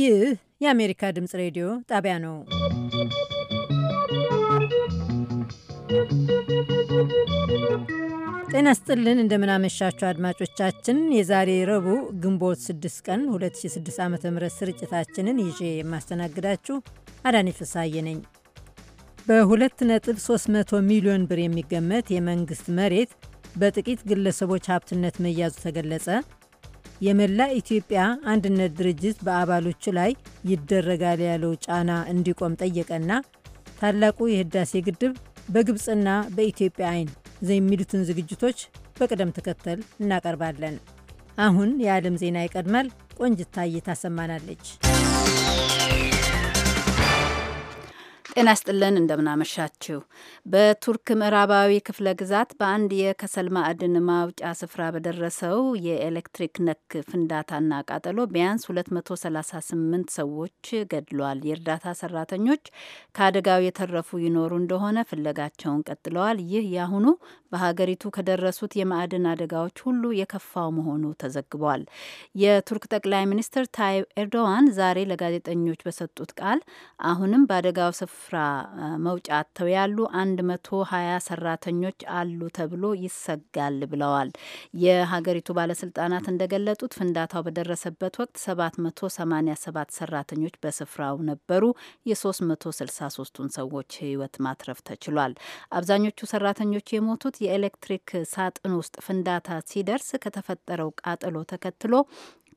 ይህ የአሜሪካ ድምፅ ሬዲዮ ጣቢያ ነው። ጤና ስጥልን፣ እንደምናመሻችሁ አድማጮቻችን። የዛሬ ረቡዕ ግንቦት 6 ቀን 2006 ዓ ም ስርጭታችንን ይዤ የማስተናግዳችሁ አዳኒ ፍሳዬ ነኝ። በ2.3 ሚሊዮን ብር የሚገመት የመንግሥት መሬት በጥቂት ግለሰቦች ሀብትነት መያዙ ተገለጸ። የመላ ኢትዮጵያ አንድነት ድርጅት በአባሎቹ ላይ ይደረጋል ያለው ጫና እንዲቆም ጠየቀና ታላቁ የህዳሴ ግድብ በግብፅና በኢትዮጵያ አይን የሚሉትን ዝግጅቶች በቅደም ተከተል እናቀርባለን። አሁን የዓለም ዜና ይቀድማል። ቆንጅታ ታሰማናለች። ጤና ስጥልን፣ እንደምናመሻችው። በቱርክ ምዕራባዊ ክፍለ ግዛት በአንድ የከሰል ማዕድን ማውጫ ስፍራ በደረሰው የኤሌክትሪክ ነክ ፍንዳታና ቃጠሎ ቢያንስ 238 ሰዎች ገድሏል። የእርዳታ ሰራተኞች ከአደጋው የተረፉ ይኖሩ እንደሆነ ፍለጋቸውን ቀጥለዋል። ይህ የአሁኑ በሀገሪቱ ከደረሱት የማዕድን አደጋዎች ሁሉ የከፋው መሆኑ ተዘግቧል። የቱርክ ጠቅላይ ሚኒስትር ታይብ ኤርዶዋን ዛሬ ለጋዜጠኞች በሰጡት ቃል አሁንም በአደጋው ስፍራ መውጫ አጥተው ያሉ 120 ሰራተኞች አሉ ተብሎ ይሰጋል ብለዋል። የሀገሪቱ ባለስልጣናት እንደገለጡት ፍንዳታው በደረሰበት ወቅት 787 ሰራተኞች በስፍራው ነበሩ። የ363ቱን ሰዎች ህይወት ማትረፍ ተችሏል። አብዛኞቹ ሰራተኞች የሞቱት የኤሌክትሪክ ሳጥን ውስጥ ፍንዳታ ሲደርስ ከተፈጠረው ቃጠሎ ተከትሎ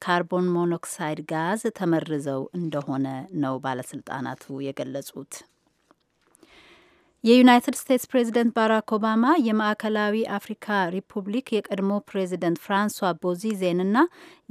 ካርቦን ሞኖክሳይድ ጋዝ ተመርዘው እንደሆነ ነው ባለስልጣናቱ የገለጹት። የዩናይትድ ስቴትስ ፕሬዚደንት ባራክ ኦባማ የማዕከላዊ አፍሪካ ሪፑብሊክ የቀድሞ ፕሬዚደንት ፍራንሷ ቦዚዜንና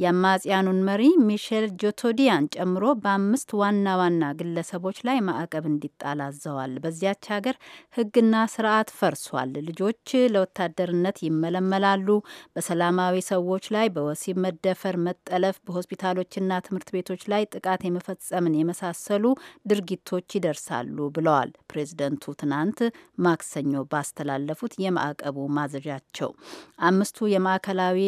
የአማጽያኑን መሪ ሚሼል ጆቶዲያን ጨምሮ በአምስት ዋና ዋና ግለሰቦች ላይ ማዕቀብ እንዲጣል አዘዋል። በዚያች ሀገር ሕግና ስርዓት ፈርሷል። ልጆች ለወታደርነት ይመለመላሉ። በሰላማዊ ሰዎች ላይ በወሲብ መደፈር፣ መጠለፍ፣ በሆስፒታሎችና ትምህርት ቤቶች ላይ ጥቃት የመፈጸምን የመሳሰሉ ድርጊቶች ይደርሳሉ ብለዋል ፕሬዝደንቱ ትናንት ማክሰኞ ባስተላለፉት የማዕቀቡ ማዘዣቸው። አምስቱ የማዕከላዊ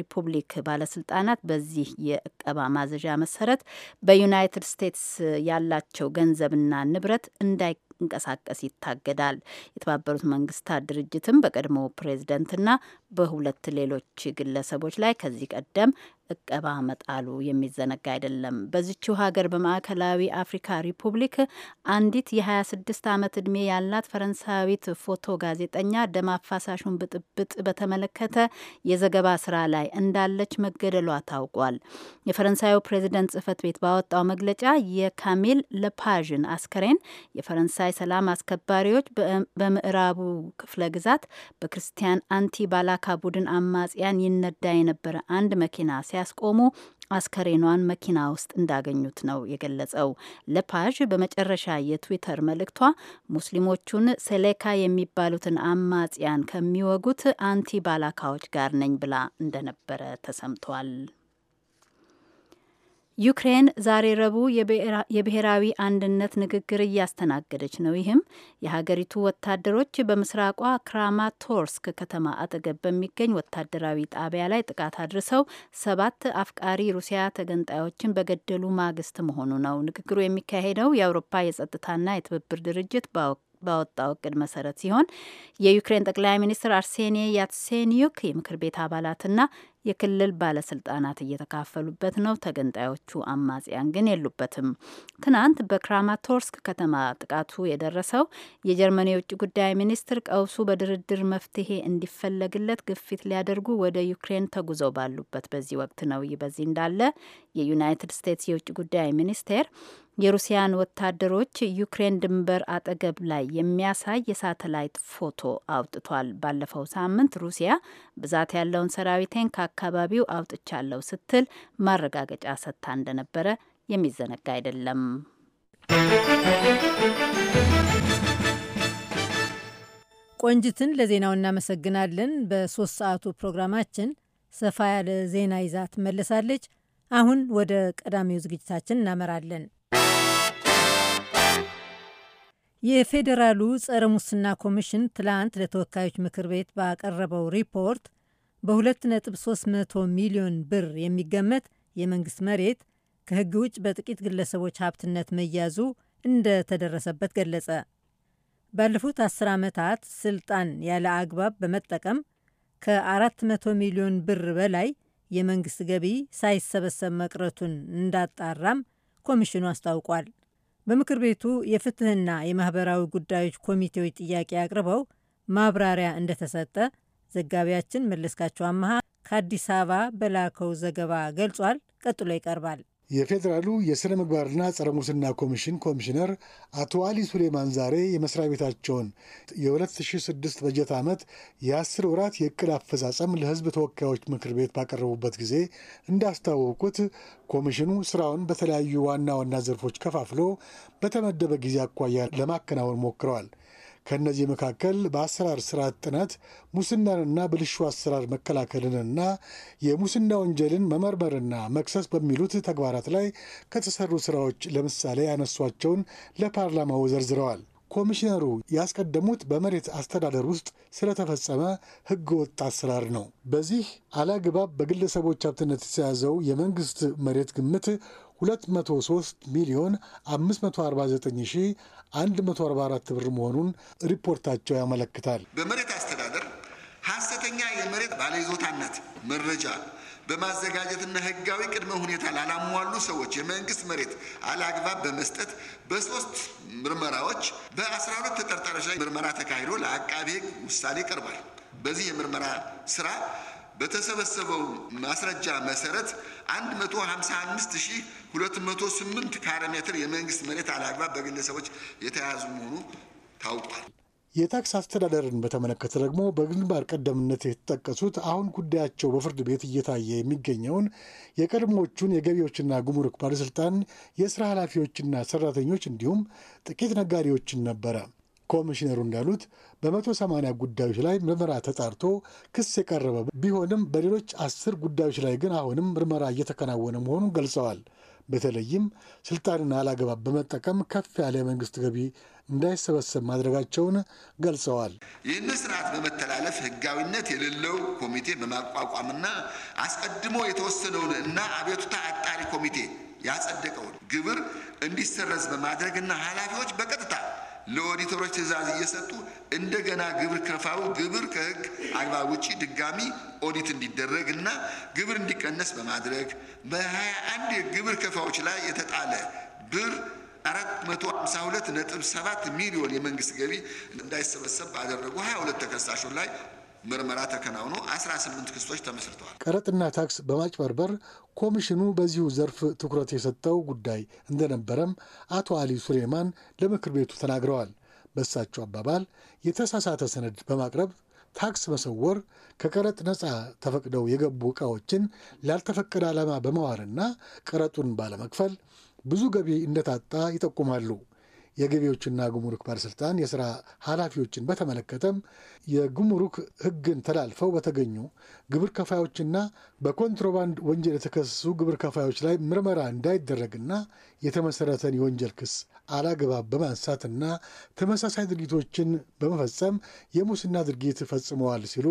ሪፑብሊክ ባለስልጣናት በዚህ የእቀባ ማዘዣ መሰረት በዩናይትድ ስቴትስ ያላቸው ገንዘብና ንብረት እንዳይ እንቀሳቀስ ይታገዳል። የተባበሩት መንግስታት ድርጅትም በቀድሞ ፕሬዝደንትና በሁለት ሌሎች ግለሰቦች ላይ ከዚህ ቀደም እቀባ መጣሉ የሚዘነጋ አይደለም። በዚችው ሀገር በማዕከላዊ አፍሪካ ሪፑብሊክ አንዲት የ26 ዓመት ዕድሜ ያላት ፈረንሳዊት ፎቶ ጋዜጠኛ ደም አፋሳሹን ብጥብጥ በተመለከተ የዘገባ ስራ ላይ እንዳለች መገደሏ ታውቋል። የፈረንሳዩ ፕሬዚደንት ጽህፈት ቤት ባወጣው መግለጫ የካሚል ለፓዥን አስከሬን የፈረንሳይ ሰላም አስከባሪዎች በምዕራቡ ክፍለ ግዛት በክርስቲያን አንቲ ባላ የሻዕቢያ ቡድን አማጽያን ይነዳ የነበረ አንድ መኪና ሲያስቆሙ አስከሬኗን መኪና ውስጥ እንዳገኙት ነው የገለጸው። ለፓዥ በመጨረሻ የትዊተር መልእክቷ ሙስሊሞቹን ሴሌካ የሚባሉትን አማጽያን ከሚወጉት አንቲ ባላካዎች ጋር ነኝ ብላ እንደነበረ ተሰምቷል። ዩክሬን ዛሬ ረቡዕ የብሔራዊ አንድነት ንግግር እያስተናገደች ነው። ይህም የሀገሪቱ ወታደሮች በምስራቋ ክራማቶርስክ ከተማ አጠገብ በሚገኝ ወታደራዊ ጣቢያ ላይ ጥቃት አድርሰው ሰባት አፍቃሪ ሩሲያ ተገንጣዮችን በገደሉ ማግስት መሆኑ ነው። ንግግሩ የሚካሄደው የአውሮፓ የጸጥታና የትብብር ድርጅት ባወጣው እቅድ መሰረት ሲሆን የዩክሬን ጠቅላይ ሚኒስትር አርሴኒ ያትሴኒዩክ የምክር ቤት አባላትና የክልል ባለስልጣናት እየተካፈሉበት ነው። ተገንጣዮቹ አማጽያን ግን የሉበትም። ትናንት በክራማቶርስክ ከተማ ጥቃቱ የደረሰው የጀርመን የውጭ ጉዳይ ሚኒስትር ቀውሱ በድርድር መፍትሄ እንዲፈለግለት ግፊት ሊያደርጉ ወደ ዩክሬን ተጉዘው ባሉበት በዚህ ወቅት ነው። ይህ በዚህ እንዳለ የዩናይትድ ስቴትስ የውጭ ጉዳይ ሚኒስቴር የሩሲያን ወታደሮች ዩክሬን ድንበር አጠገብ ላይ የሚያሳይ የሳተላይት ፎቶ አውጥቷል። ባለፈው ሳምንት ሩሲያ ብዛት ያለውን ሰራዊቴን ከአካባቢው አውጥቻለሁ ስትል ማረጋገጫ ሰጥታ እንደነበረ የሚዘነጋ አይደለም። ቆንጅትን ለዜናው እናመሰግናለን። በሶስት ሰዓቱ ፕሮግራማችን ሰፋ ያለ ዜና ይዛ ትመለሳለች። አሁን ወደ ቀዳሚው ዝግጅታችን እናመራለን። የፌዴራሉ ጸረ ሙስና ኮሚሽን ትላንት ለተወካዮች ምክር ቤት ባቀረበው ሪፖርት በ2.300 ሚሊዮን ብር የሚገመት የመንግስት መሬት ከህግ ውጭ በጥቂት ግለሰቦች ሀብትነት መያዙ እንደተደረሰበት ገለጸ። ባለፉት 10 ዓመታት ስልጣን ያለ አግባብ በመጠቀም ከ400 ሚሊዮን ብር በላይ የመንግስት ገቢ ሳይሰበሰብ መቅረቱን እንዳጣራም ኮሚሽኑ አስታውቋል። በምክር ቤቱ የፍትህና የማህበራዊ ጉዳዮች ኮሚቴዎች ጥያቄ አቅርበው ማብራሪያ እንደተሰጠ ዘጋቢያችን መለስካቸው አመሃ ከአዲስ አበባ በላከው ዘገባ ገልጿል። ቀጥሎ ይቀርባል። የፌዴራሉ የሥነ ምግባርና ጸረ ሙስና ኮሚሽን ኮሚሽነር አቶ አሊ ሱሌማን ዛሬ የመስሪያ ቤታቸውን የ2006 በጀት ዓመት የአስር ወራት የእቅድ አፈጻጸም ለሕዝብ ተወካዮች ምክር ቤት ባቀረቡበት ጊዜ እንዳስታወቁት ኮሚሽኑ ስራውን በተለያዩ ዋና ዋና ዘርፎች ከፋፍሎ በተመደበ ጊዜ አኳያ ለማከናወን ሞክረዋል። ከእነዚህ መካከል በአሰራር ስርዓት ጥናት ሙስናንና ብልሹ አሰራር መከላከልንና የሙስና ወንጀልን መመርመርና መክሰስ በሚሉት ተግባራት ላይ ከተሰሩ ስራዎች ለምሳሌ ያነሷቸውን ለፓርላማው ዘርዝረዋል። ኮሚሽነሩ ያስቀደሙት በመሬት አስተዳደር ውስጥ ስለተፈጸመ ሕገ ወጥ አሰራር ነው። በዚህ አላግባብ በግለሰቦች ሀብትነት የተያዘው የመንግስት መሬት ግምት 203 ሚሊዮን 549144 ብር መሆኑን ሪፖርታቸው ያመለክታል። በመሬት አስተዳደር ሐሰተኛ የመሬት ባለይዞታነት መረጃ በማዘጋጀትና ህጋዊ ቅድመ ሁኔታ ላላሟሉ ሰዎች የመንግስት መሬት አላግባብ በመስጠት በሶስት ምርመራዎች በ12 ተጠርጣሪዎች ላይ ምርመራ ተካሂዶ ለአቃቤ ሕግ ውሳኔ ቀርቧል። በዚህ የምርመራ ስራ በተሰበሰበው ማስረጃ መሰረት 155208 ካሬ ሜትር የመንግስት መሬት አላግባብ በግለሰቦች የተያዙ መሆኑ ታውቋል። የታክስ አስተዳደርን በተመለከተ ደግሞ በግንባር ቀደምነት የተጠቀሱት አሁን ጉዳያቸው በፍርድ ቤት እየታየ የሚገኘውን የቀድሞዎቹን የገቢዎችና ጉምሩክ ባለስልጣን የስራ ኃላፊዎችና ሰራተኞች እንዲሁም ጥቂት ነጋዴዎችን ነበረ። ኮሚሽነሩ እንዳሉት በ180 ጉዳዮች ላይ ምርመራ ተጣርቶ ክስ የቀረበ ቢሆንም በሌሎች አስር ጉዳዮች ላይ ግን አሁንም ምርመራ እየተከናወነ መሆኑን ገልጸዋል። በተለይም ስልጣንን አላግባብ በመጠቀም ከፍ ያለ የመንግስት ገቢ እንዳይሰበሰብ ማድረጋቸውን ገልጸዋል። ይህንን ስርዓት በመተላለፍ ህጋዊነት የሌለው ኮሚቴ በማቋቋምና አስቀድሞ የተወሰነውን እና አቤቱታ አጣሪ ኮሚቴ ያጸደቀውን ግብር እንዲሰረዝ በማድረግና ኃላፊዎች በቀጥታ ለኦዲተሮች ትእዛዝ እየሰጡ እንደገና ግብር ከፋው ግብር ከህግ አግባብ ውጪ ድጋሚ ኦዲት እንዲደረግ እና ግብር እንዲቀነስ በማድረግ በ21 የግብር ከፋዎች ላይ የተጣለ ብር 452.7 ሚሊዮን የመንግስት ገቢ እንዳይሰበሰብ ባደረጉ 22 ተከሳሾች ላይ ምርመራ ተከናውኖ 18 ክሶች ተመስርተዋል። ቀረጥና ታክስ በማጭበርበር ኮሚሽኑ በዚሁ ዘርፍ ትኩረት የሰጠው ጉዳይ እንደነበረም አቶ አሊ ሱሌማን ለምክር ቤቱ ተናግረዋል። በእሳቸው አባባል የተሳሳተ ሰነድ በማቅረብ ታክስ መሰወር፣ ከቀረጥ ነፃ ተፈቅደው የገቡ ዕቃዎችን ላልተፈቀደ ዓላማ በመዋልና ቀረጡን ባለመክፈል ብዙ ገቢ እንደታጣ ይጠቁማሉ። የገቢዎችና ጉምሩክ ባለስልጣን የስራ ኃላፊዎችን በተመለከተም የጉምሩክ ሕግን ተላልፈው በተገኙ ግብር ከፋዮችና በኮንትሮባንድ ወንጀል የተከሰሱ ግብር ከፋዮች ላይ ምርመራ እንዳይደረግና የተመሰረተን የወንጀል ክስ አላግባብ በማንሳትና ተመሳሳይ ድርጊቶችን በመፈጸም የሙስና ድርጊት ፈጽመዋል ሲሉ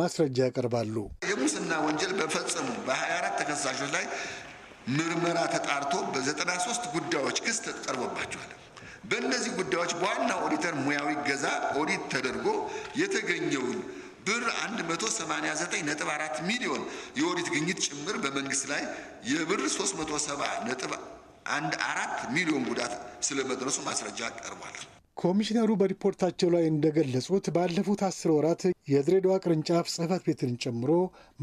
ማስረጃ ያቀርባሉ። የሙስና ወንጀል በፈጸሙ በ24 ተከሳሾች ላይ ምርመራ ተጣርቶ በ93 ጉዳዮች ክስ ተቀርቦባቸዋል። በእነዚህ ጉዳዮች በዋና ኦዲተር ሙያዊ ገዛ ኦዲት ተደርጎ የተገኘውን ብር 189.4 ሚሊዮን የኦዲት ግኝት ጭምር በመንግስት ላይ የብር 370.14 ሚሊዮን ጉዳት ስለመድረሱ ማስረጃ ቀርቧል። ኮሚሽነሩ በሪፖርታቸው ላይ እንደገለጹት ባለፉት አስር ወራት የድሬዳዋ ቅርንጫፍ ጽህፈት ቤትን ጨምሮ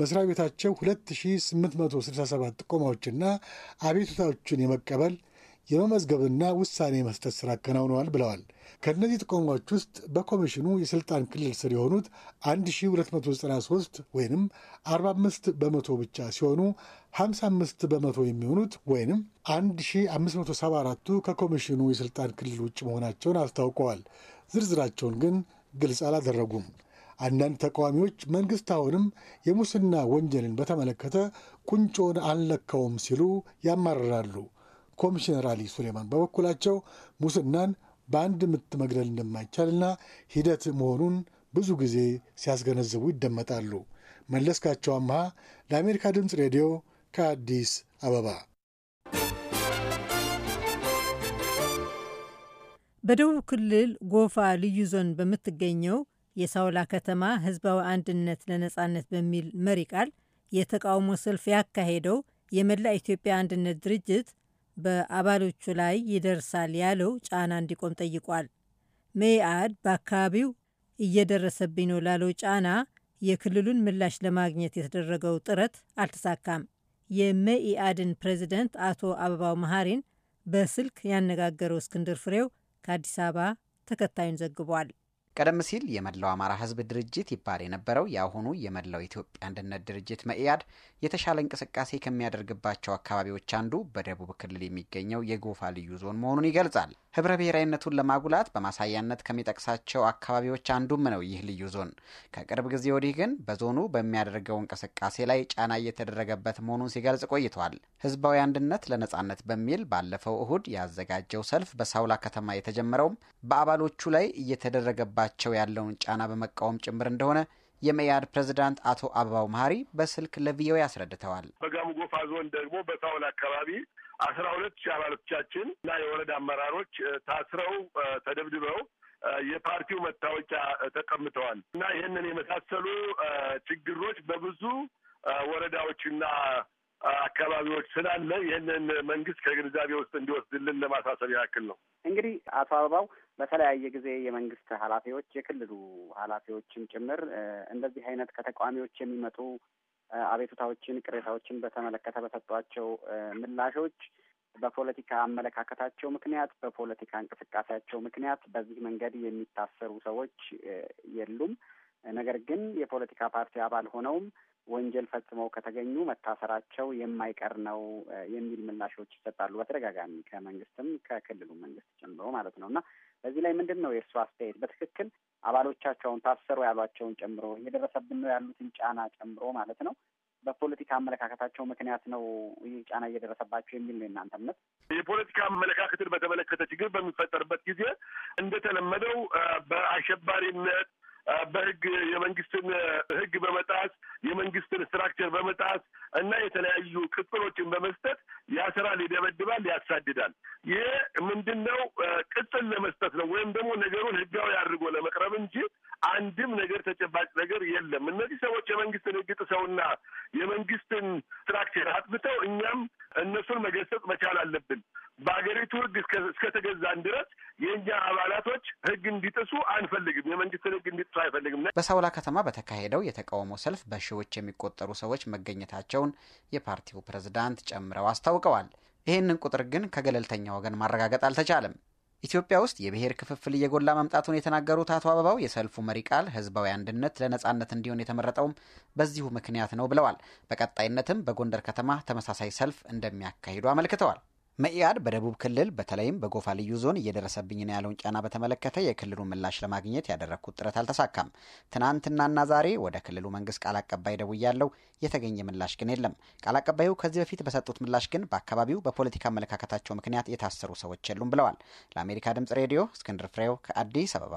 መስሪያ ቤታቸው 2867 ጥቆማዎችና አቤቱታዎችን የመቀበል የመመዝገብና ውሳኔ መስጠት ስራ አከናውነዋል ብለዋል። ከእነዚህ ተቋሞች ውስጥ በኮሚሽኑ የስልጣን ክልል ስር የሆኑት 1293 ወይም 45 በመቶ ብቻ ሲሆኑ 55 በመቶ የሚሆኑት ወይም 1574ቱ ከኮሚሽኑ የስልጣን ክልል ውጭ መሆናቸውን አስታውቀዋል። ዝርዝራቸውን ግን ግልጽ አላደረጉም። አንዳንድ ተቃዋሚዎች መንግስት አሁንም የሙስና ወንጀልን በተመለከተ ቁንጮን አልለካውም ሲሉ ያማርራሉ። ኮሚሽነር አሊ ሱሌማን በበኩላቸው ሙስናን በአንድ ምት መግደል እንደማይቻልና ሂደት መሆኑን ብዙ ጊዜ ሲያስገነዝቡ ይደመጣሉ። መለስካቸው አምሃ ለአሜሪካ ድምፅ ሬዲዮ ከአዲስ አበባ። በደቡብ ክልል ጎፋ ልዩ ዞን በምትገኘው የሳውላ ከተማ ህዝባዊ አንድነት ለነጻነት በሚል መሪ ቃል የተቃውሞ ሰልፍ ያካሄደው የመላ ኢትዮጵያ አንድነት ድርጅት በአባሎቹ ላይ ይደርሳል ያለው ጫና እንዲቆም ጠይቋል። መኢአድ በአካባቢው እየደረሰብኝ ነው ላለው ጫና የክልሉን ምላሽ ለማግኘት የተደረገው ጥረት አልተሳካም። የመኢአድን ፕሬዚደንት አቶ አበባው መሐሪን በስልክ ያነጋገረው እስክንድር ፍሬው ከአዲስ አበባ ተከታዩን ዘግቧል። ቀደም ሲል የመላው አማራ ህዝብ ድርጅት ይባል የነበረው የአሁኑ የመላው ኢትዮጵያ አንድነት ድርጅት መኢአድ የተሻለ እንቅስቃሴ ከሚያደርግባቸው አካባቢዎች አንዱ በደቡብ ክልል የሚገኘው የጎፋ ልዩ ዞን መሆኑን ይገልጻል። ህብረ ብሔራዊነቱን ለማጉላት በማሳያነት ከሚጠቅሳቸው አካባቢዎች አንዱም ነው ይህ ልዩ ዞን። ከቅርብ ጊዜ ወዲህ ግን በዞኑ በሚያደርገው እንቅስቃሴ ላይ ጫና እየተደረገበት መሆኑን ሲገልጽ ቆይቷል። ህዝባዊ አንድነት ለነጻነት በሚል ባለፈው እሁድ ያዘጋጀው ሰልፍ በሳውላ ከተማ የተጀመረውም በአባሎቹ ላይ እየተደረገባቸው በእጃቸው ያለውን ጫና በመቃወም ጭምር እንደሆነ የመያድ ፕሬዝዳንት አቶ አበባው መሀሪ በስልክ ለቪኦኤ አስረድተዋል። በጋሞ ጎፋ ዞን ደግሞ በሳውል አካባቢ አስራ ሁለት ሺህ አባሎቻችን እና የወረዳ አመራሮች ታስረው ተደብድበው የፓርቲው መታወቂያ ተቀምጠዋል እና ይህንን የመሳሰሉ ችግሮች በብዙ ወረዳዎችና አካባቢዎች ስላለ ይህንን መንግስት ከግንዛቤ ውስጥ እንዲወስድልን ለማሳሰብ ያክል ነው። እንግዲህ አቶ አበባው በተለያየ ጊዜ የመንግስት ኃላፊዎች የክልሉ ኃላፊዎችም ጭምር እንደዚህ አይነት ከተቃዋሚዎች የሚመጡ አቤቱታዎችን፣ ቅሬታዎችን በተመለከተ በሰጧቸው ምላሾች በፖለቲካ አመለካከታቸው ምክንያት፣ በፖለቲካ እንቅስቃሴያቸው ምክንያት በዚህ መንገድ የሚታሰሩ ሰዎች የሉም። ነገር ግን የፖለቲካ ፓርቲ አባል ሆነውም ወንጀል ፈጽመው ከተገኙ መታሰራቸው የማይቀር ነው የሚል ምላሾች ይሰጣሉ። በተደጋጋሚ ከመንግስትም ከክልሉ መንግስት ጀምሮ ማለት ነው እና በዚህ ላይ ምንድን ነው የእርሱ አስተያየት? በትክክል አባሎቻቸውን ታሰሩ ያሏቸውን ጨምሮ እየደረሰብን ነው ያሉትን ጫና ጨምሮ ማለት ነው በፖለቲካ አመለካከታቸው ምክንያት ነው ይህ ጫና እየደረሰባቸው የሚል ነው የእናንተ እምነት? የፖለቲካ አመለካከትን በተመለከተ ችግር በሚፈጠርበት ጊዜ እንደተለመደው በአሸባሪነት በህግ የመንግስትን ህግ በመጣስ የመንግስትን ስትራክቸር በመጣስ እና የተለያዩ ቅጽሎችን በመስጠት ያስራል፣ ይደበድባል፣ ያሳድዳል። ይሄ ምንድን ነው? ቅጽል ለመስጠት ነው ወይም ደግሞ ነገሩን ህጋዊ አድርጎ ለመቅረብ እንጂ አንድም ነገር ተጨባጭ ነገር የለም። እነዚህ ሰዎች የመንግስትን ህግ ጥሰውና የመንግስትን ስትራክቸር አጥብተው እኛም እነሱን መገሰጥ መቻል አለብን። በሀገሪቱ ህግ እስከተገዛን ድረስ የእኛ አባላቶች ህግ እንዲጥሱ አንፈልግም። የመንግስትን ህግ እንዲጥሱ አይፈልግም። በሳውላ ከተማ በተካሄደው የተቃውሞ ሰልፍ በሺዎች የሚቆጠሩ ሰዎች መገኘታቸውን የፓርቲው ፕሬዝዳንት ጨምረው አስታውቀዋል። ይህንን ቁጥር ግን ከገለልተኛ ወገን ማረጋገጥ አልተቻለም። ኢትዮጵያ ውስጥ የብሔር ክፍፍል እየጎላ መምጣቱን የተናገሩት አቶ አበባው የሰልፉ መሪ ቃል ህዝባዊ አንድነት ለነጻነት እንዲሆን የተመረጠውም በዚሁ ምክንያት ነው ብለዋል። በቀጣይነትም በጎንደር ከተማ ተመሳሳይ ሰልፍ እንደሚያካሂዱ አመልክተዋል። መኢአድ በደቡብ ክልል በተለይም በጎፋ ልዩ ዞን እየደረሰብኝ ነው ያለውን ጫና በተመለከተ የክልሉ ምላሽ ለማግኘት ያደረግኩት ጥረት አልተሳካም። ትናንትናና ዛሬ ወደ ክልሉ መንግስት ቃል አቀባይ ደውያለው፣ የተገኘ ምላሽ ግን የለም። ቃል አቀባዩ ከዚህ በፊት በሰጡት ምላሽ ግን በአካባቢው በፖለቲካ አመለካከታቸው ምክንያት የታሰሩ ሰዎች የሉም ብለዋል። ለአሜሪካ ድምጽ ሬዲዮ እስክንድር ፍሬው ከአዲስ አበባ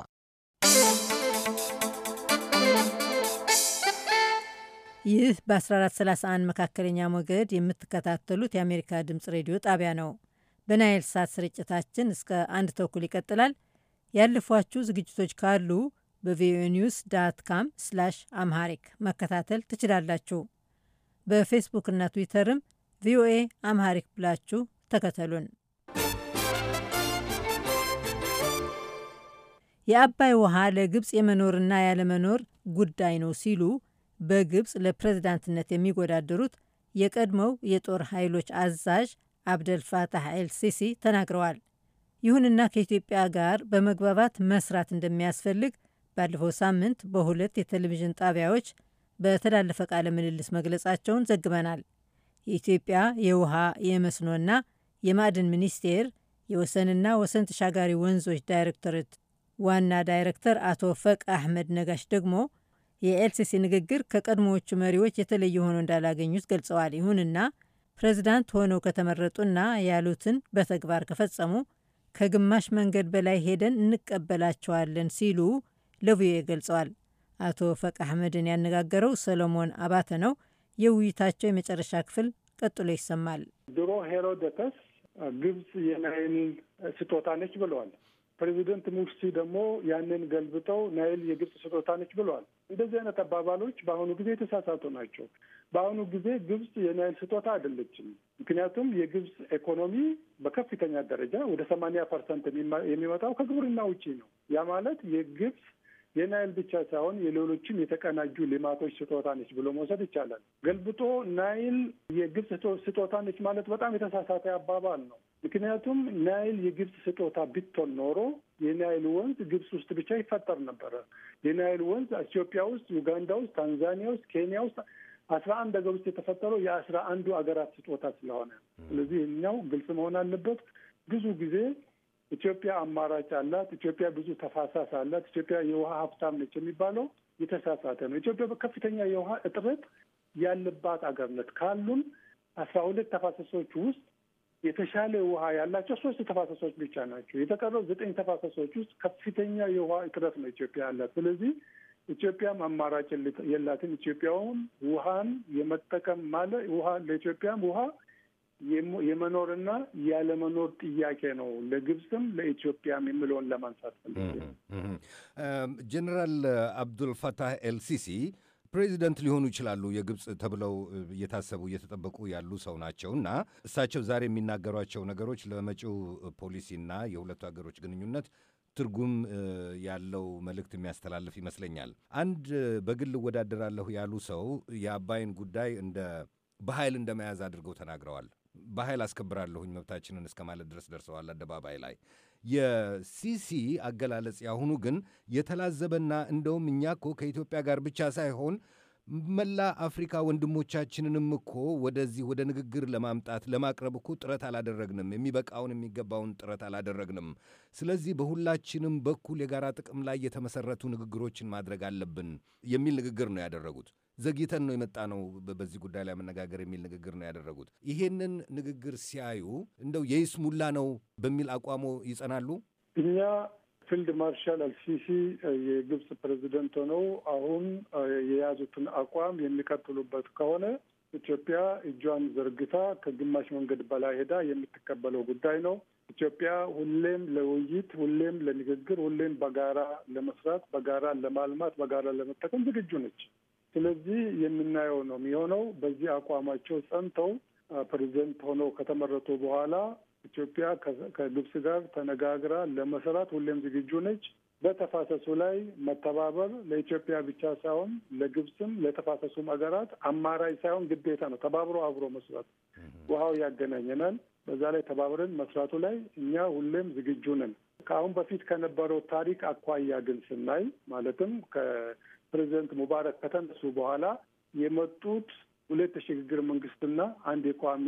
ይህ በ1431 መካከለኛ ሞገድ የምትከታተሉት የአሜሪካ ድምፅ ሬዲዮ ጣቢያ ነው። በናይል ሳት ስርጭታችን እስከ አንድ ተኩል ይቀጥላል። ያለፏችሁ ዝግጅቶች ካሉ በቪኦኤ ኒውስ ዳት ካም ስላሽ አምሃሪክ መከታተል ትችላላችሁ። በፌስቡክና ትዊተርም ቪኦኤ አምሃሪክ ብላችሁ ተከተሉን። የአባይ ውሃ ለግብፅ የመኖርና ያለመኖር ጉዳይ ነው ሲሉ በግብፅ ለፕሬዝዳንትነት የሚወዳደሩት የቀድሞው የጦር ኃይሎች አዛዥ አብደል ፋታህ ሲሲ ተናግረዋል። ይሁንና ከኢትዮጵያ ጋር በመግባባት መስራት እንደሚያስፈልግ ባለፈው ሳምንት በሁለት የቴሌቪዥን ጣቢያዎች በተላለፈ ቃለ ምልልስ መግለጻቸውን ዘግበናል። የኢትዮጵያ የውሃ የመስኖና የማዕድን ሚኒስቴር የወሰንና ወሰን ተሻጋሪ ወንዞች ዳይሬክቶሬት ዋና ዳይሬክተር አቶ ፈቅ አህመድ ነጋሽ ደግሞ የኤልሲሲ ንግግር ከቀድሞዎቹ መሪዎች የተለየ ሆኖ እንዳላገኙት ገልጸዋል። ይሁንና ፕሬዚዳንት ሆነው ከተመረጡና ያሉትን በተግባር ከፈጸሙ ከግማሽ መንገድ በላይ ሄደን እንቀበላቸዋለን ሲሉ ለቪኦኤ ገልጸዋል። አቶ ፈቅ አህመድን ያነጋገረው ሰሎሞን አባተ ነው። የውይይታቸው የመጨረሻ ክፍል ቀጥሎ ይሰማል። ድሮ ሄሮደተስ ግብጽ የናይል ስጦታ ነች ብለዋል። ፕሬዚደንት ሙርሲ ደግሞ ያንን ገልብጠው ናይል የግብፅ ስጦታ ነች ብለዋል። እንደዚህ አይነት አባባሎች በአሁኑ ጊዜ የተሳሳቱ ናቸው። በአሁኑ ጊዜ ግብፅ የናይል ስጦታ አይደለችም። ምክንያቱም የግብፅ ኢኮኖሚ በከፍተኛ ደረጃ ወደ ሰማንያ ፐርሰንት የሚመጣው ከግብርና ውጪ ነው። ያ ማለት የግብፅ የናይል ብቻ ሳይሆን የሌሎችም የተቀናጁ ልማቶች ስጦታ ነች ብሎ መውሰድ ይቻላል። ገልብጦ ናይል የግብፅ ስጦታ ነች ማለት በጣም የተሳሳተ አባባል ነው። ምክንያቱም ናይል የግብፅ ስጦታ ብትሆን ኖሮ የናይል ወንዝ ግብፅ ውስጥ ብቻ ይፈጠር ነበረ። የናይል ወንዝ ኢትዮጵያ ውስጥ፣ ዩጋንዳ ውስጥ፣ ታንዛኒያ ውስጥ፣ ኬንያ ውስጥ አስራ አንድ ሀገር ውስጥ የተፈጠረው የአስራ አንዱ ሀገራት ስጦታ ስለሆነ ስለዚህ እኛው ግልጽ መሆን አለበት። ብዙ ጊዜ ኢትዮጵያ አማራጭ አላት፣ ኢትዮጵያ ብዙ ተፋሳስ አላት፣ ኢትዮጵያ የውሃ ሀብታም ነች የሚባለው የተሳሳተ ነው። ኢትዮጵያ በከፍተኛ የውሃ እጥረት ያለባት አገር ናት። ካሉን አስራ ሁለት ተፋሰሶች ውስጥ የተሻለ ውሃ ያላቸው ሶስት ተፋሰሶች ብቻ ናቸው። የተቀረው ዘጠኝ ተፋሰሶች ውስጥ ከፍተኛ የውሃ እጥረት ነው ኢትዮጵያ ያላት። ስለዚህ ኢትዮጵያም አማራጭ የላትም። ኢትዮጵያውም ውሃን የመጠቀም ማለት ውሃ ለኢትዮጵያም ውሃ የመኖርና ያለመኖር ጥያቄ ነው ለግብፅም ለኢትዮጵያም የሚለውን ለማንሳት ፈልጌ ጀኔራል አብዱልፈታህ ኤልሲሲ ፕሬዚደንት ሊሆኑ ይችላሉ የግብፅ ተብለው እየታሰቡ እየተጠበቁ ያሉ ሰው ናቸው እና እሳቸው ዛሬ የሚናገሯቸው ነገሮች ለመጪው ፖሊሲና የሁለቱ ሀገሮች ግንኙነት ትርጉም ያለው መልእክት የሚያስተላልፍ ይመስለኛል። አንድ በግል እወዳደራለሁ ያሉ ሰው የአባይን ጉዳይ እንደ በኃይል እንደመያዝ አድርገው ተናግረዋል። በኃይል አስከብራለሁኝ መብታችንን እስከ ማለት ድረስ ደርሰዋል አደባባይ ላይ የሲሲ አገላለጽ ያሁኑ ግን የተላዘበና እንደውም እኛ እኮ ከኢትዮጵያ ጋር ብቻ ሳይሆን መላ አፍሪካ ወንድሞቻችንንም እኮ ወደዚህ ወደ ንግግር ለማምጣት ለማቅረብ እኮ ጥረት አላደረግንም፣ የሚበቃውን የሚገባውን ጥረት አላደረግንም። ስለዚህ በሁላችንም በኩል የጋራ ጥቅም ላይ የተመሰረቱ ንግግሮችን ማድረግ አለብን የሚል ንግግር ነው ያደረጉት። ዘግይተን ነው የመጣ ነው በዚህ ጉዳይ ላይ መነጋገር የሚል ንግግር ነው ያደረጉት። ይሄንን ንግግር ሲያዩ እንደው የይስሙላ ነው በሚል አቋሙ ይጸናሉ። እኛ ፊልድ ማርሻል አልሲሲ የግብጽ ፕሬዚደንት ሆነው አሁን የያዙትን አቋም የሚቀጥሉበት ከሆነ ኢትዮጵያ እጇን ዘርግታ ከግማሽ መንገድ በላይ ሄዳ የምትቀበለው ጉዳይ ነው። ኢትዮጵያ ሁሌም ለውይይት፣ ሁሌም ለንግግር፣ ሁሌም በጋራ ለመስራት፣ በጋራ ለማልማት፣ በጋራ ለመጠቀም ዝግጁ ነች። ስለዚህ የምናየው ነው የሚሆነው። በዚህ አቋማቸው ጸንተው ፕሬዚደንት ሆነው ከተመረጡ በኋላ ኢትዮጵያ ከግብጽ ጋር ተነጋግራ ለመስራት ሁሌም ዝግጁ ነች። በተፋሰሱ ላይ መተባበር ለኢትዮጵያ ብቻ ሳይሆን ለግብፅም ለተፋሰሱም ሀገራት አማራጭ ሳይሆን ግዴታ ነው። ተባብሮ አብሮ መስራት ውሃው ያገናኘናል። በዛ ላይ ተባብረን መስራቱ ላይ እኛ ሁሌም ዝግጁ ነን። ከአሁን በፊት ከነበረው ታሪክ አኳያ ግን ስናይ ማለትም ፕሬዚደንት ሙባረክ ከተነሱ በኋላ የመጡት ሁለት የሽግግር መንግስትና አንድ የቋሚ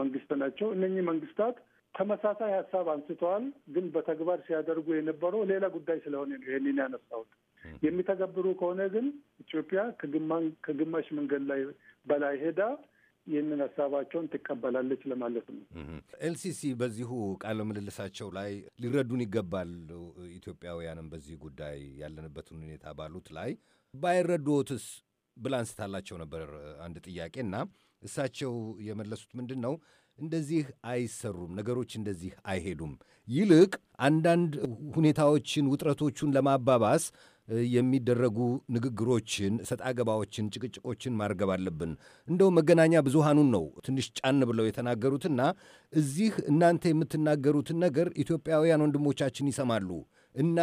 መንግስት ናቸው። እነኚህ መንግስታት ተመሳሳይ ሀሳብ አንስተዋል። ግን በተግባር ሲያደርጉ የነበረው ሌላ ጉዳይ ስለሆነ ነው ይህንን ያነሳሁት። የሚተገብሩ ከሆነ ግን ኢትዮጵያ ከግማሽ መንገድ ላይ በላይ ሄዳ ይህንን ሀሳባቸውን ትቀበላለች ለማለት ነው። ኤልሲሲ በዚሁ ቃለ ምልልሳቸው ላይ ሊረዱን ይገባል ኢትዮጵያውያንም በዚህ ጉዳይ ያለንበትን ሁኔታ ባሉት ላይ ባይረዱትስ ብላ አንስታላቸው ነበር አንድ ጥያቄ እና እሳቸው የመለሱት ምንድን ነው እንደዚህ አይሰሩም፣ ነገሮች እንደዚህ አይሄዱም። ይልቅ አንዳንድ ሁኔታዎችን ውጥረቶቹን ለማባባስ የሚደረጉ ንግግሮችን፣ ሰጣገባዎችን፣ ጭቅጭቆችን ማርገብ አለብን። እንደው መገናኛ ብዙሃኑን ነው ትንሽ ጫን ብለው የተናገሩትና እዚህ እናንተ የምትናገሩትን ነገር ኢትዮጵያውያን ወንድሞቻችን ይሰማሉ እና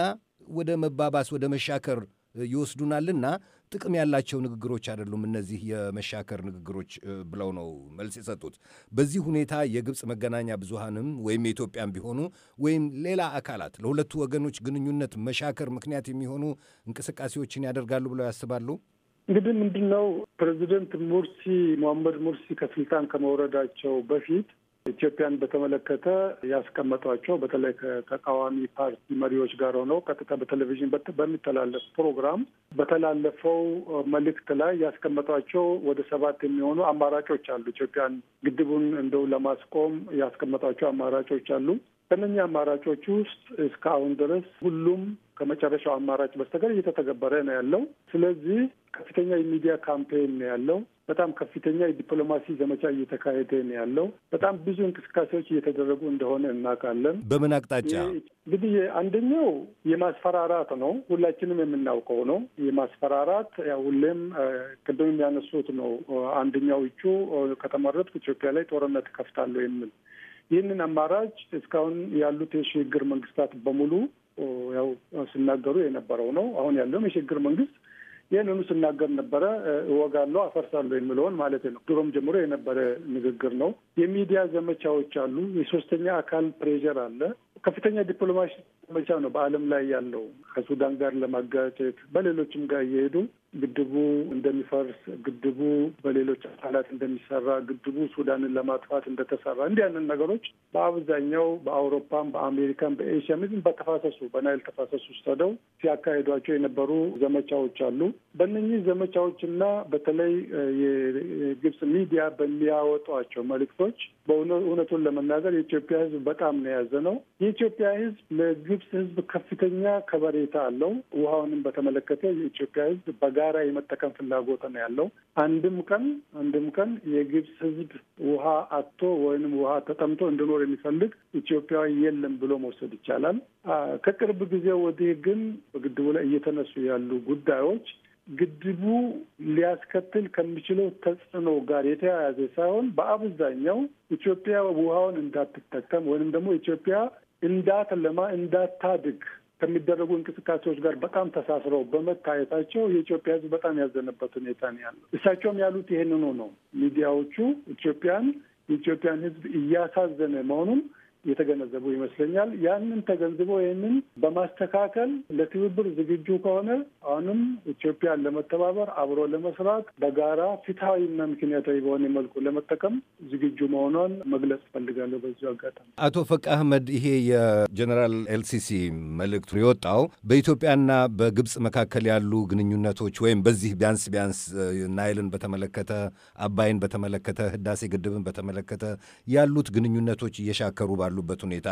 ወደ መባባስ ወደ መሻከር ይወስዱናልና ጥቅም ያላቸው ንግግሮች አይደሉም እነዚህ የመሻከር ንግግሮች ብለው ነው መልስ የሰጡት። በዚህ ሁኔታ የግብፅ መገናኛ ብዙሃንም ወይም የኢትዮጵያም ቢሆኑ ወይም ሌላ አካላት ለሁለቱ ወገኖች ግንኙነት መሻከር ምክንያት የሚሆኑ እንቅስቃሴዎችን ያደርጋሉ ብለው ያስባሉ? እንግዲህ ምንድን ነው ፕሬዚደንት ሙርሲ ሞሐመድ ሙርሲ ከስልጣን ከመውረዳቸው በፊት ኢትዮጵያን በተመለከተ ያስቀመጧቸው በተለይ ከተቃዋሚ ፓርቲ መሪዎች ጋር ሆነው ቀጥታ በቴሌቪዥን በሚተላለፍ ፕሮግራም በተላለፈው መልእክት ላይ ያስቀመጧቸው ወደ ሰባት የሚሆኑ አማራጮች አሉ። ኢትዮጵያን ግድቡን እንደው ለማስቆም ያስቀመጧቸው አማራጮች አሉ። ከነኛ አማራጮች ውስጥ እስካሁን ድረስ ሁሉም ከመጨረሻው አማራጭ በስተቀር እየተተገበረ ነው ያለው። ስለዚህ ከፍተኛ የሚዲያ ካምፔን ነው ያለው። በጣም ከፍተኛ የዲፕሎማሲ ዘመቻ እየተካሄደ ነው ያለው። በጣም ብዙ እንቅስቃሴዎች እየተደረጉ እንደሆነ እናውቃለን። በምን አቅጣጫ እንግዲህ አንደኛው የማስፈራራት ነው፣ ሁላችንም የምናውቀው ነው። የማስፈራራት ያው ሁሌም ቅድም የሚያነሱት ነው። አንደኛው እጩ ከተመረጥኩ ኢትዮጵያ ላይ ጦርነት ከፍታለሁ የሚል ይህንን አማራጭ እስካሁን ያሉት የሽግግር መንግስታት በሙሉ ያው ሲናገሩ የነበረው ነው። አሁን ያለውም የሽግግር መንግስት ይህንኑ ስናገር ነበረ። እወጋለሁ፣ አፈርሳለሁ የሚለውን ማለት ነው። ድሮም ጀምሮ የነበረ ንግግር ነው። የሚዲያ ዘመቻዎች አሉ። የሶስተኛ አካል ፕሬዠር አለ። ከፍተኛ ዲፕሎማሲ ዘመቻ ነው በዓለም ላይ ያለው ከሱዳን ጋር ለማጋጨት በሌሎችም ጋር እየሄዱ ግድቡ እንደሚፈርስ፣ ግድቡ በሌሎች አካላት እንደሚሰራ፣ ግድቡ ሱዳንን ለማጥፋት እንደተሰራ እንዲህ ያንን ነገሮች በአብዛኛው በአውሮፓም፣ በአሜሪካም፣ በኤሽያም ዝም በተፋሰሱ በናይል ተፋሰሱ ውስጥ ሄደው የነበሩ ዘመቻዎች አሉ። በእነኚህ ዘመቻዎችና በተለይ የግብጽ ሚዲያ በሚያወጧቸው መልእክቶች በእውነቱን ለመናገር የኢትዮጵያ ሕዝብ በጣም ነው የያዘ ነው። የኢትዮጵያ ሕዝብ ለግብጽ ሕዝብ ከፍተኛ ከበሬታ አለው። ውሃውንም በተመለከተ የኢትዮጵያ ሕዝብ በጋ በጋራ የመጠቀም ፍላጎት ነው ያለው። አንድም ቀን አንድም ቀን የግብፅ ህዝብ ውሃ አጥቶ ወይንም ውሃ ተጠምቶ እንዲኖር የሚፈልግ ኢትዮጵያዊ የለም ብሎ መውሰድ ይቻላል። ከቅርብ ጊዜ ወዲህ ግን በግድቡ ላይ እየተነሱ ያሉ ጉዳዮች ግድቡ ሊያስከትል ከሚችለው ተጽዕኖ ጋር የተያያዘ ሳይሆን በአብዛኛው ኢትዮጵያ ውሃውን እንዳትጠቀም ወይንም ደግሞ ኢትዮጵያ እንዳትለማ እንዳታድግ ከሚደረጉ እንቅስቃሴዎች ጋር በጣም ተሳስረው በመታየታቸው የኢትዮጵያ ሕዝብ በጣም ያዘነበት ሁኔታ ነው ያለው። እሳቸውም ያሉት ይህንኑ ነው። ሚዲያዎቹ ኢትዮጵያን የኢትዮጵያን ሕዝብ እያሳዘነ መሆኑን የተገነዘቡ ይመስለኛል። ያንን ተገንዝቦ ይህንን በማስተካከል ለትብብር ዝግጁ ከሆነ አሁንም ኢትዮጵያን ለመተባበር አብሮ ለመስራት በጋራ ፍትሐዊና ምክንያታዊ በሆነ መልኩ ለመጠቀም ዝግጁ መሆኗን መግለጽ ፈልጋለሁ። በዚሁ አጋጣሚ አቶ ፈቅ አህመድ፣ ይሄ የጀኔራል ኤልሲሲ መልእክቱ የወጣው በኢትዮጵያና በግብጽ መካከል ያሉ ግንኙነቶች ወይም በዚህ ቢያንስ ቢያንስ ናይልን በተመለከተ አባይን በተመለከተ ህዳሴ ግድብን በተመለከተ ያሉት ግንኙነቶች እየሻከሩ ባሉ ባሉበት ሁኔታ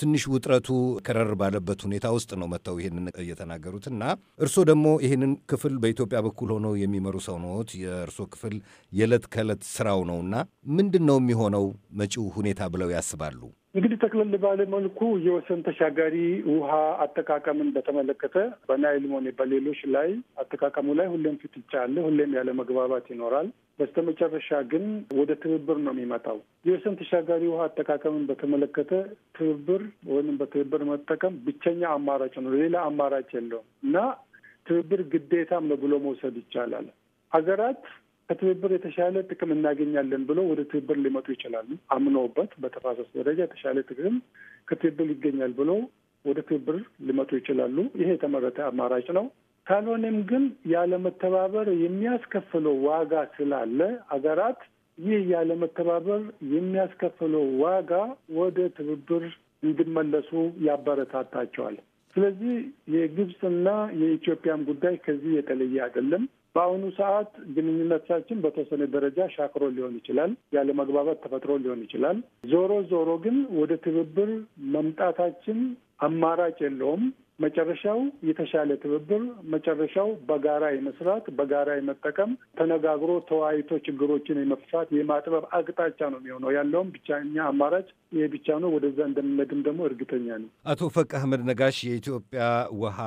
ትንሽ ውጥረቱ ከረር ባለበት ሁኔታ ውስጥ ነው መጥተው ይህንን እየተናገሩት እና እርስዎ ደግሞ ይህንን ክፍል በኢትዮጵያ በኩል ሆነው የሚመሩ ሰው ነዎት። የእርስዎ ክፍል የዕለት ከዕለት ስራው ነውና ምንድን ነው የሚሆነው መጪው ሁኔታ ብለው ያስባሉ? እንግዲህ ጠቅለል ባለ መልኩ የወሰን ተሻጋሪ ውሃ አጠቃቀምን በተመለከተ በናይል ሆነ በሌሎች ላይ አጠቃቀሙ ላይ ሁሌም ፍጥጫ አለ፣ ሁሌም ያለ መግባባት ይኖራል። በስተመጨረሻ ግን ወደ ትብብር ነው የሚመጣው። የወሰን ተሻጋሪ ውሃ አጠቃቀምን በተመለከተ ትብብር ወይም በትብብር መጠቀም ብቸኛ አማራጭ ነው፣ ሌላ አማራጭ የለውም እና ትብብር ግዴታም ነው ብሎ መውሰድ ይቻላል። ሀገራት ከትብብር የተሻለ ጥቅም እናገኛለን ብሎ ወደ ትብብር ሊመጡ ይችላሉ። አምነውበት በተፋሰስ ደረጃ የተሻለ ጥቅም ከትብብር ይገኛል ብሎ ወደ ትብብር ሊመጡ ይችላሉ። ይሄ የተመረጠ አማራጭ ነው። ካልሆነም ግን ያለመተባበር የሚያስከፍለው ዋጋ ስላለ አገራት ይህ ያለመተባበር የሚያስከፍለው ዋጋ ወደ ትብብር እንዲመለሱ ያበረታታቸዋል። ስለዚህ የግብፅና የኢትዮጵያም ጉዳይ ከዚህ የተለየ አይደለም። በአሁኑ ሰዓት ግንኙነታችን በተወሰነ ደረጃ ሻክሮ ሊሆን ይችላል፣ ያለ መግባባት ተፈጥሮ ሊሆን ይችላል። ዞሮ ዞሮ ግን ወደ ትብብር መምጣታችን አማራጭ የለውም። መጨረሻው የተሻለ ትብብር፣ መጨረሻው በጋራ የመስራት በጋራ የመጠቀም ተነጋግሮ ተወያይቶ ችግሮችን የመፍታት የማጥበብ አቅጣጫ ነው የሚሆነው። ያለውም ብቻኛ አማራጭ ይሄ ብቻ ነው። ወደዛ እንደምንነግም ደግሞ እርግጠኛ ነው። አቶ ፈቅ አህመድ ነጋሽ የኢትዮጵያ ውሃ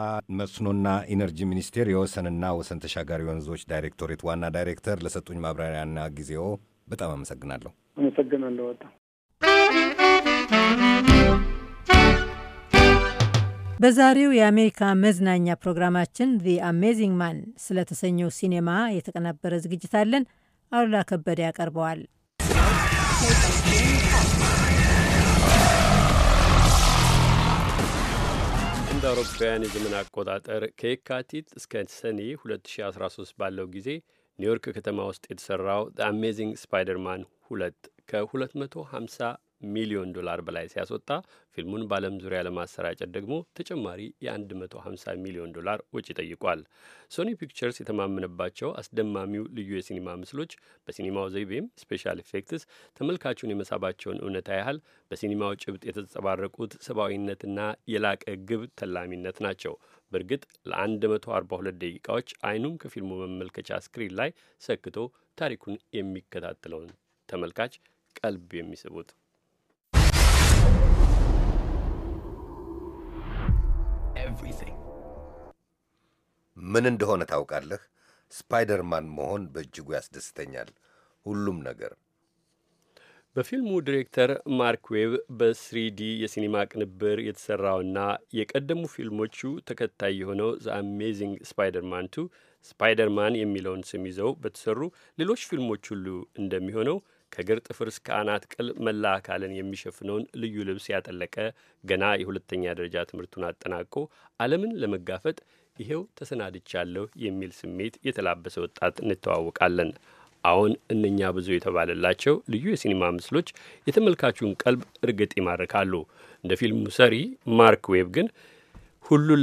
መስኖና ኢነርጂ ሚኒስቴር የወሰንና ወሰን ተሻጋሪ ወንዞች ዳይሬክቶሬት ዋና ዳይሬክተር ለሰጡኝ ማብራሪያና ጊዜው በጣም አመሰግናለሁ። አመሰግናለሁ በጣም በዛሬው የአሜሪካ መዝናኛ ፕሮግራማችን ዚ አሜዚንግ ማን ስለተሰኘው ሲኔማ የተቀናበረ ዝግጅት አለን። አሉላ ከበደ ያቀርበዋል። እንደ አውሮፓውያን የዘመን አቆጣጠር ከየካቲት እስከ ሰኔ 2013 ባለው ጊዜ ኒውዮርክ ከተማ ውስጥ የተሰራው አሜዚንግ ስፓይደርማን ሁለት ከ250 ሚሊዮን ዶላር በላይ ሲያስወጣ ፊልሙን በዓለም ዙሪያ ለማሰራጨት ደግሞ ተጨማሪ የ150 ሚሊዮን ዶላር ወጪ ጠይቋል። ሶኒ ፒክቸርስ የተማመነባቸው አስደማሚው ልዩ የሲኒማ ምስሎች በሲኒማው ዘይቤም ስፔሻል ኢፌክትስ ተመልካቹን የመሳባቸውን እውነታ ያህል በሲኒማው ጭብጥ የተንጸባረቁት ሰብአዊነትና የላቀ ግብ ተላሚነት ናቸው። በእርግጥ ለ142 ደቂቃዎች አይኑም ከፊልሙ መመልከቻ ስክሪን ላይ ሰክቶ ታሪኩን የሚከታተለውን ተመልካች ቀልብ የሚስቡት everything. ምን እንደሆነ ታውቃለህ? ስፓይደርማን መሆን በእጅጉ ያስደስተኛል። ሁሉም ነገር በፊልሙ ዲሬክተር ማርክ ዌብ በስሪዲ የሲኒማ ቅንብር የተሰራውና የቀደሙ ፊልሞቹ ተከታይ የሆነው ዘ አሜዚንግ ስፓይደርማን ቱ ስፓይደርማን የሚለውን ስም ይዘው በተሰሩ ሌሎች ፊልሞች ሁሉ እንደሚሆነው ከእግር ጥፍር እስከ አናት ቅል መላ አካልን የሚሸፍነውን ልዩ ልብስ ያጠለቀ ገና የሁለተኛ ደረጃ ትምህርቱን አጠናቆ ዓለምን ለመጋፈጥ ይሄው ተሰናድቻለሁ የሚል ስሜት የተላበሰ ወጣት እንተዋወቃለን። አሁን እነኛ ብዙ የተባለላቸው ልዩ የሲኒማ ምስሎች የተመልካቹን ቀልብ እርግጥ ይማርካሉ። እንደ ፊልሙ ሰሪ ማርክ ዌብ ግን ሁሉን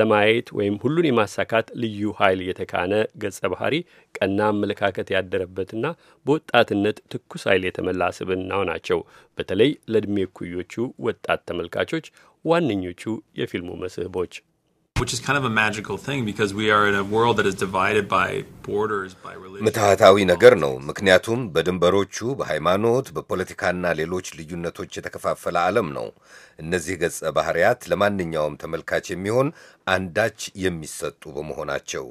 ለማየት ወይም ሁሉን የማሳካት ልዩ ኃይል የተካነ ገጸ ባህሪ ቀና አመለካከት ያደረበትና በወጣትነት ትኩስ ኃይል የተመላ ስብናው ናቸው። በተለይ ለዕድሜ ኩዮቹ ወጣት ተመልካቾች ዋነኞቹ የፊልሙ መስህቦች ምትሃታዊ ነገር ነው። ምክንያቱም በድንበሮቹ በሃይማኖት በፖለቲካና ሌሎች ልዩነቶች የተከፋፈለ ዓለም ነው። እነዚህ ገጸ ባህሪያት ለማንኛውም ተመልካች የሚሆን አንዳች የሚሰጡ በመሆናቸው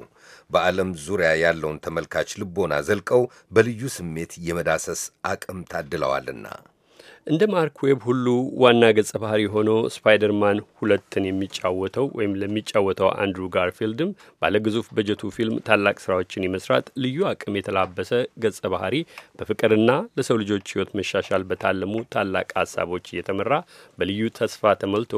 በዓለም ዙሪያ ያለውን ተመልካች ልቦና ዘልቀው በልዩ ስሜት የመዳሰስ አቅም ታድለዋልና። እንደ ማርክ ዌብ ሁሉ ዋና ገጸ ባህሪ ሆኖ ስፓይደርማን ሁለትን የሚጫወተው ወይም ለሚጫወተው አንድሩ ጋርፊልድም ባለግዙፍ በጀቱ ፊልም ታላቅ ስራዎችን የመስራት ልዩ አቅም የተላበሰ ገጸ ባህሪ በፍቅርና ለሰው ልጆች ህይወት መሻሻል በታለሙ ታላቅ ሀሳቦች እየተመራ በልዩ ተስፋ ተሞልቶ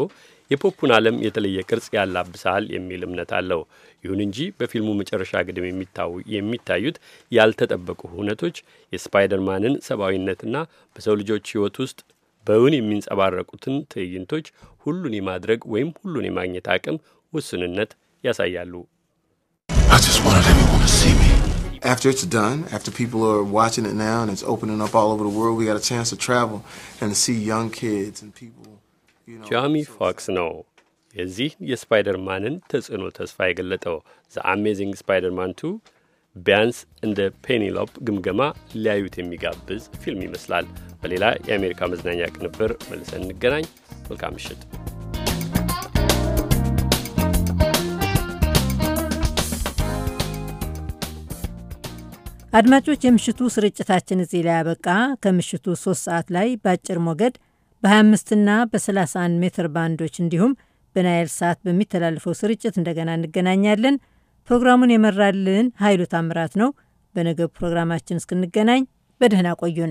የፖፑን ዓለም የተለየ ቅርጽ ያላብሳል የሚል እምነት አለው። ይሁን እንጂ በፊልሙ መጨረሻ ግድም የሚታዩት ያልተጠበቁ ሁነቶች የስፓይደርማንን ሰብአዊነትና በሰው ልጆች ሕይወት ውስጥ በእውን የሚንጸባረቁትን ትዕይንቶች ሁሉን የማድረግ ወይም ሁሉን የማግኘት አቅም ውስንነት ያሳያሉ። After it's done, after people are watching it now and it's opening up all over the world, we got a chance to travel and to see young kids and people. ጃሚ ፎክስ ነው የዚህ የስፓይደርማንን ተጽዕኖ ተስፋ የገለጠው። ዘ አሜዚንግ ስፓይደርማን ቱ ቢያንስ እንደ ፔኒሎፕ ግምገማ ሊያዩት የሚጋብዝ ፊልም ይመስላል። በሌላ የአሜሪካ መዝናኛ ቅንብር መልሰን እንገናኝ። መልካም ምሽት። አድማጮች፣ የምሽቱ ስርጭታችን እዚህ ላይ ያበቃ። ከምሽቱ ሶስት ሰዓት ላይ በአጭር ሞገድ በ25 ና በ31 ሜትር ባንዶች እንዲሁም በናይል ሰዓት በሚተላለፈው ስርጭት እንደገና እንገናኛለን። ፕሮግራሙን የመራልን ኃይሉ ታምራት ነው። በነገብ ፕሮግራማችን እስክንገናኝ በደህና ቆዩን።